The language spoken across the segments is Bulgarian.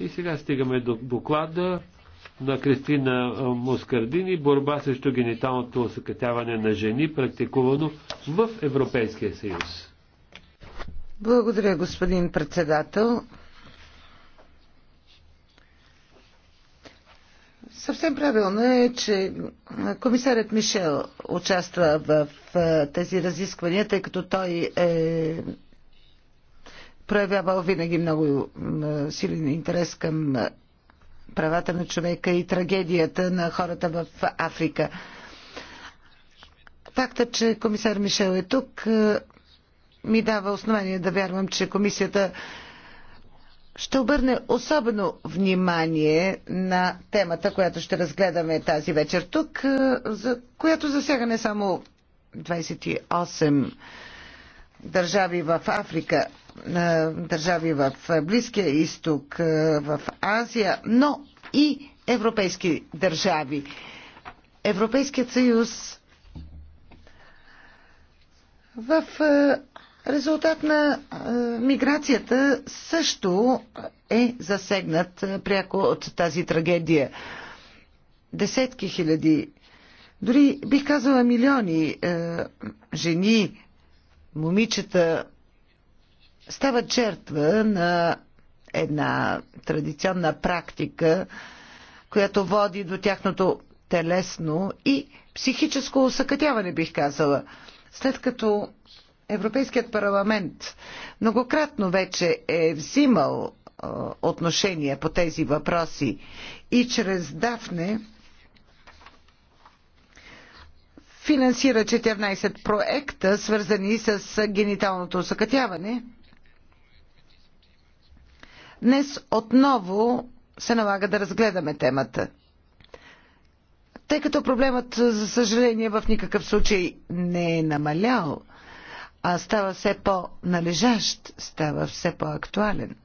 И сега стигаме до доклада на Кристина Мускардини борба срещу гениталното осъкътяване на жени, практикувано в Европейския съюз. Благодаря, господин председател. Съвсем правилно е, че комисарят Мишел участва в тези разисквания, тъй като той е проявявал винаги много силен интерес към правата на човека и трагедията на хората в Африка. Факта, че комисар Мишел е тук, е, ми дава основание да вярвам, че комисията ще обърне особено внимание на темата, която ще разгледаме тази вечер тук, е, за която засяга не само 28 държави в Африка, държави в Близкия изток, е, в Азия, но и европейски държави. Европейският съюз в е, резултат на е, миграцията също е засегнат пряко от тази трагедия. Десетки хиляди, дори бих казала милиони жени, момичета, стават жертва на една традиционна практика, която води до тяхното телесно и психическо усъкътяване, бих казала. След като Европейският парламент многократно вече е взимал е, отношение по тези въпроси и чрез Дафне финансира 14 проекта, свързани с гениталното усъкътяване – Днес отново се налага да разгледаме темата. Тъй като проблемът, за съжаление, в никакъв случай не е намалял, а става все по-належащ, става все по-актуален.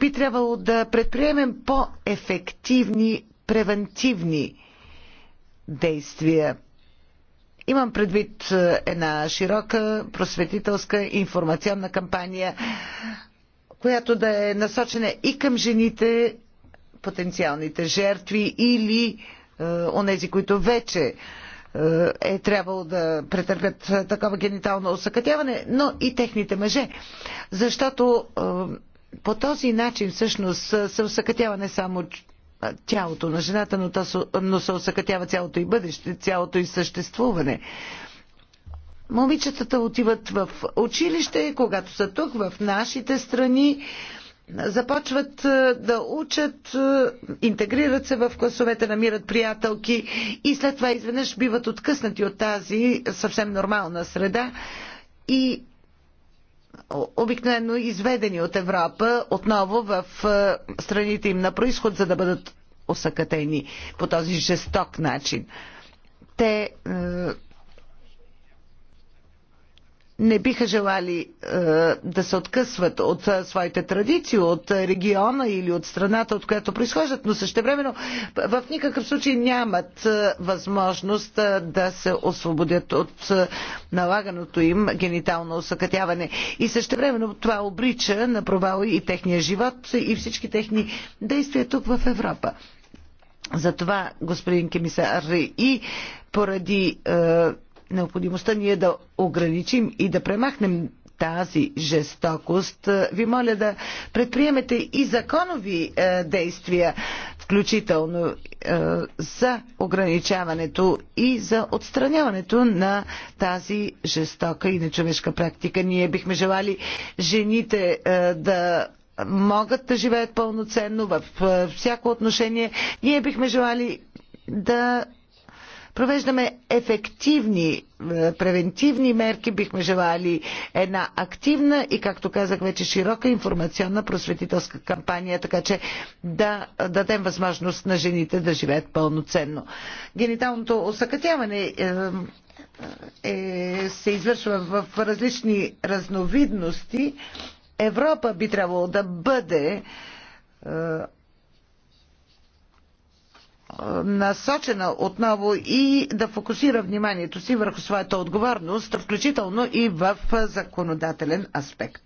Би трябвало да предприемем по-ефективни превентивни действия. Имам предвид е, една широка просветителска информационна кампания, която да е насочена и към жените, потенциалните жертви или е, онези, които вече е, е трябвало да претърпят такова генитално осъкътяване, но и техните мъже. Защото е, по този начин всъщност се усъкътява не само тялото на жената, но, то, но се осъкътява цялото и бъдеще, цялото и съществуване. Момичетата отиват в училище, когато са тук, в нашите страни, започват да учат, интегрират се в класовете, намират приятелки и след това изведнъж биват откъснати от тази съвсем нормална среда и обикновено изведени от Европа отново в е, страните им на происход, за да бъдат осъкатени по този жесток начин. Те е, не биха желали е, да се откъсват от е, своите традиции, от е, региона или от страната, от която произхождат, но същевременно в никакъв случай нямат е, възможност е, да се освободят от е, налаганото им генитално усъкътяване. И същевременно това обрича на провал и техния живот и всички техни действия тук в Европа. Затова, господин Кемисар, и поради е, необходимостта ние да ограничим и да премахнем тази жестокост, е, ви моля да предприемете и законови е, действия, включително е, за ограничаването и за отстраняването на тази жестока и нечовешка практика. Ние бихме желали жените е, да могат да живеят пълноценно във е, всяко отношение. Ние бихме желали да провеждаме ефективни е, превентивни мерки, бихме желали една активна и, както казах вече, широка информационна просветителска кампания, така че да дадем възможност на жените да живеят пълноценно. Гениталното осъкътяване е, е, се извършва в различни разновидности. Европа би трябвало да бъде е, насочена отново и да фокусира вниманието си върху своята отговорност, включително и в законодателен аспект.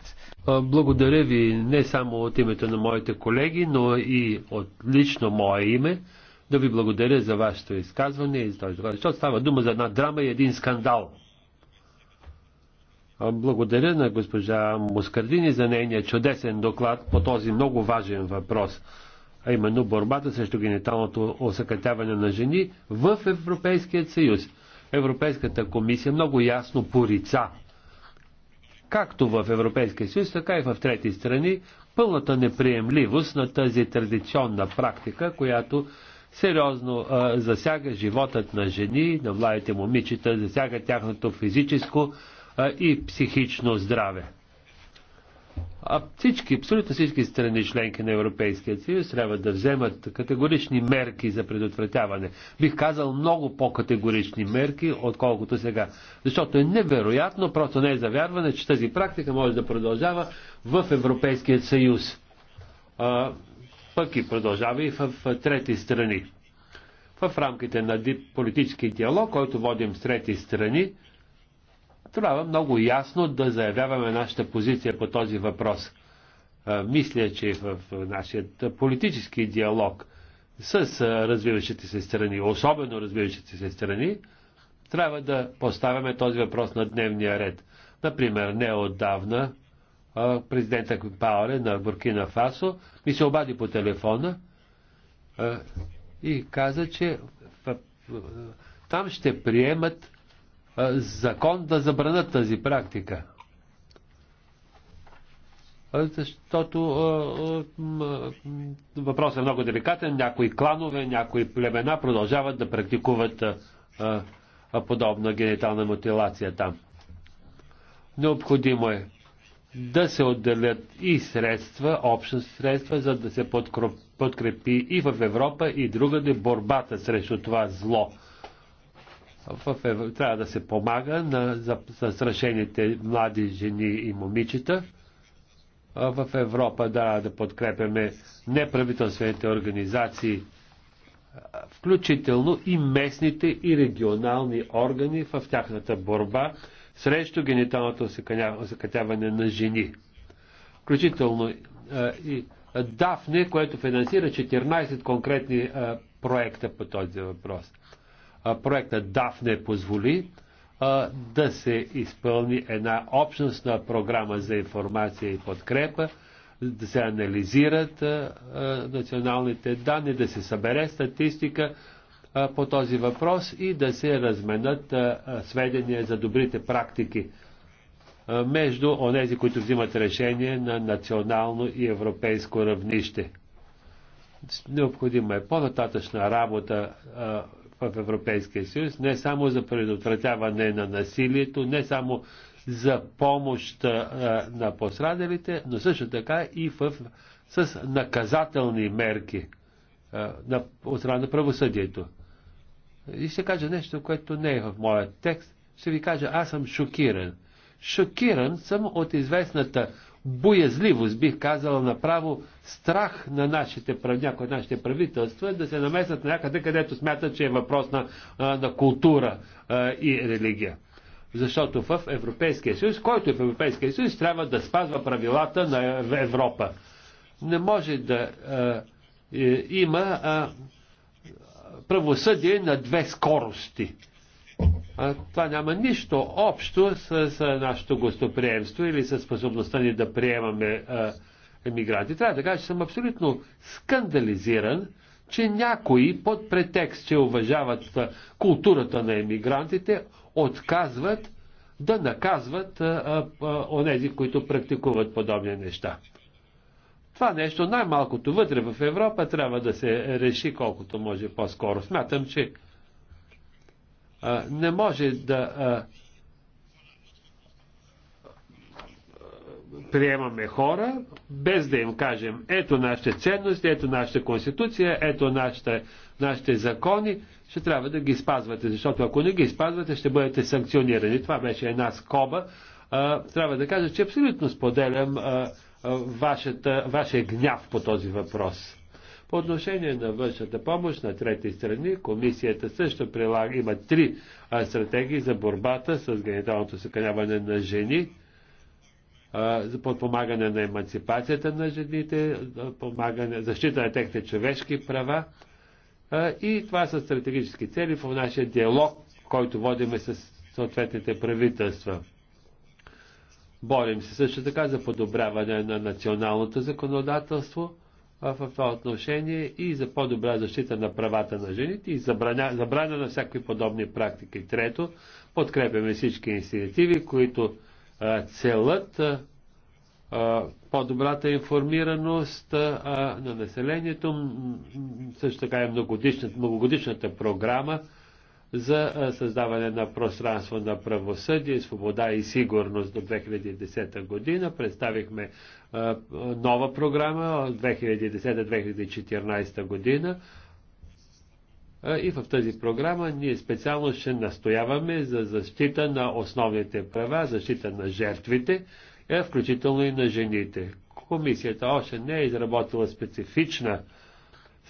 Благодаря ви не само от името на моите колеги, но и от лично мое име да ви благодаря за вашето изказване и за този доклад, защото става дума за една драма и един скандал. Благодаря на госпожа Мускардини за нейния чудесен доклад по този много важен въпрос а именно борбата срещу гениталното осъкътяване на жени в Европейския съюз. Европейската комисия много ясно порица както в Европейския съюз, така и в трети страни, пълната неприемливост на тази традиционна практика, която сериозно а, засяга животът на жени, на младите момичета, засяга тяхното физическо а, и психично здраве. А всички, абсолютно всички страни членки на Европейския съюз трябва да вземат категорични мерки за предотвратяване. Бих казал много по-категорични мерки, отколкото сега. Защото е невероятно, просто не е завярване, че тази практика може да продължава в Европейския съюз. А, пък и продължава и в трети страни. В рамките на политически диалог, който водим с трети страни, трябва много ясно да заявяваме нашата позиция по този въпрос. Мисля, че в нашия политически диалог с развиващите се страни, особено развиващите се страни, трябва да поставяме този въпрос на дневния ред. Например, не отдавна, президента Пауре на Буркина Фасо ми се обади по телефона и каза, че там ще приемат закон да забранят тази практика. Защото въпросът е много деликатен. Някои кланове, някои племена продължават да практикуват подобна генитална мутилация там. Необходимо е да се отделят и средства, общност средства, за да се подкрепи и в Европа, и другаде борбата срещу това зло в, Ев... трябва да се помага на застрашените млади жени и момичета. В Европа да, да подкрепяме неправителствените организации, включително и местните и регионални органи в тяхната борба срещу гениталното осъкътяване на жени. Включително и Дафне, което финансира 14 конкретни проекта по този въпрос проекта Дафне позволи да се изпълни една общностна програма за информация и подкрепа, да се анализират националните данни, да се събере статистика по този въпрос и да се разменят сведения за добрите практики между онези, които взимат решение на национално и европейско равнище. Необходима е по-нататъчна работа в Европейския съюз, не само за предотвратяване на насилието, не само за помощ на пострадалите, но също така и в, с наказателни мерки на, от страна на правосъдието. И ще кажа нещо, което не е в моят текст. Ще ви кажа, аз съм шокиран. Шокиран съм от известната боязливост, бих казал направо страх на нашите, някои от нашите правителства е да се намесат някъде, където смятат, че е въпрос на, на култура и религия. Защото в Европейския съюз, който е в Европейския съюз, трябва да спазва правилата на Европа. Не може да е, има е, правосъдие на две скорости а, това няма нищо общо с, с нашето гостоприемство или с способността ни да приемаме а, емигранти. Трябва да кажа, че съм абсолютно скандализиран, че някои под претекст, че уважават а, културата на емигрантите, отказват да наказват онези, които практикуват подобни неща. Това нещо най-малкото вътре в Европа трябва да се реши колкото може по-скоро. Смятам, че не може да приемаме хора, без да им кажем, ето нашите ценности, ето нашата конституция, ето нашите, нашите закони, ще трябва да ги спазвате, защото ако не ги спазвате, ще бъдете санкционирани. Това беше една скоба. А, трябва да кажа, че абсолютно споделям а, а, вашата, вашия гняв по този въпрос. По отношение на външната помощ на трети страни, комисията също прилага, има три а, стратегии за борбата с гениталното съкъняване на жени, а, за подпомагане на емансипацията на жените, помагане, защита на техните човешки права. А, и това са стратегически цели в нашия диалог, който водиме с съответните правителства. Борим се също така за подобряване на националното законодателство – в това отношение и за по-добра защита на правата на жените и забрана, забрана на всякакви подобни практики. Трето, подкрепяме всички инициативи, които а, целът по-добрата информираност а, на населението, също така и многогодишната, многогодишната програма за създаване на пространство на правосъдие, свобода и сигурност до 2010 година. Представихме нова програма от 2010-2014 година. И в тази програма ние специално ще настояваме за защита на основните права, защита на жертвите, включително и на жените. Комисията още не е изработила специфична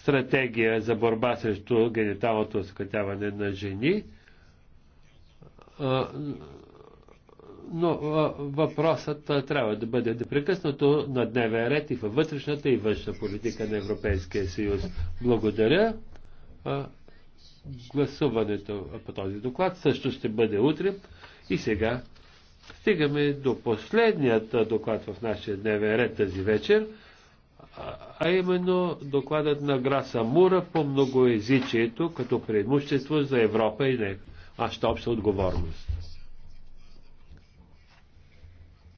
стратегия за борба срещу гениталното оскътяване на жени. Но въпросът трябва да бъде непрекъснато на дневен ред и във вътрешната и външна политика на Европейския съюз. Благодаря. Гласуването по този доклад също ще бъде утре. И сега стигаме до последният доклад в нашия дневен ред тази вечер а именно докладът на Граса Мура по многоезичието като преимущество за Европа и не, а ще обща отговорност.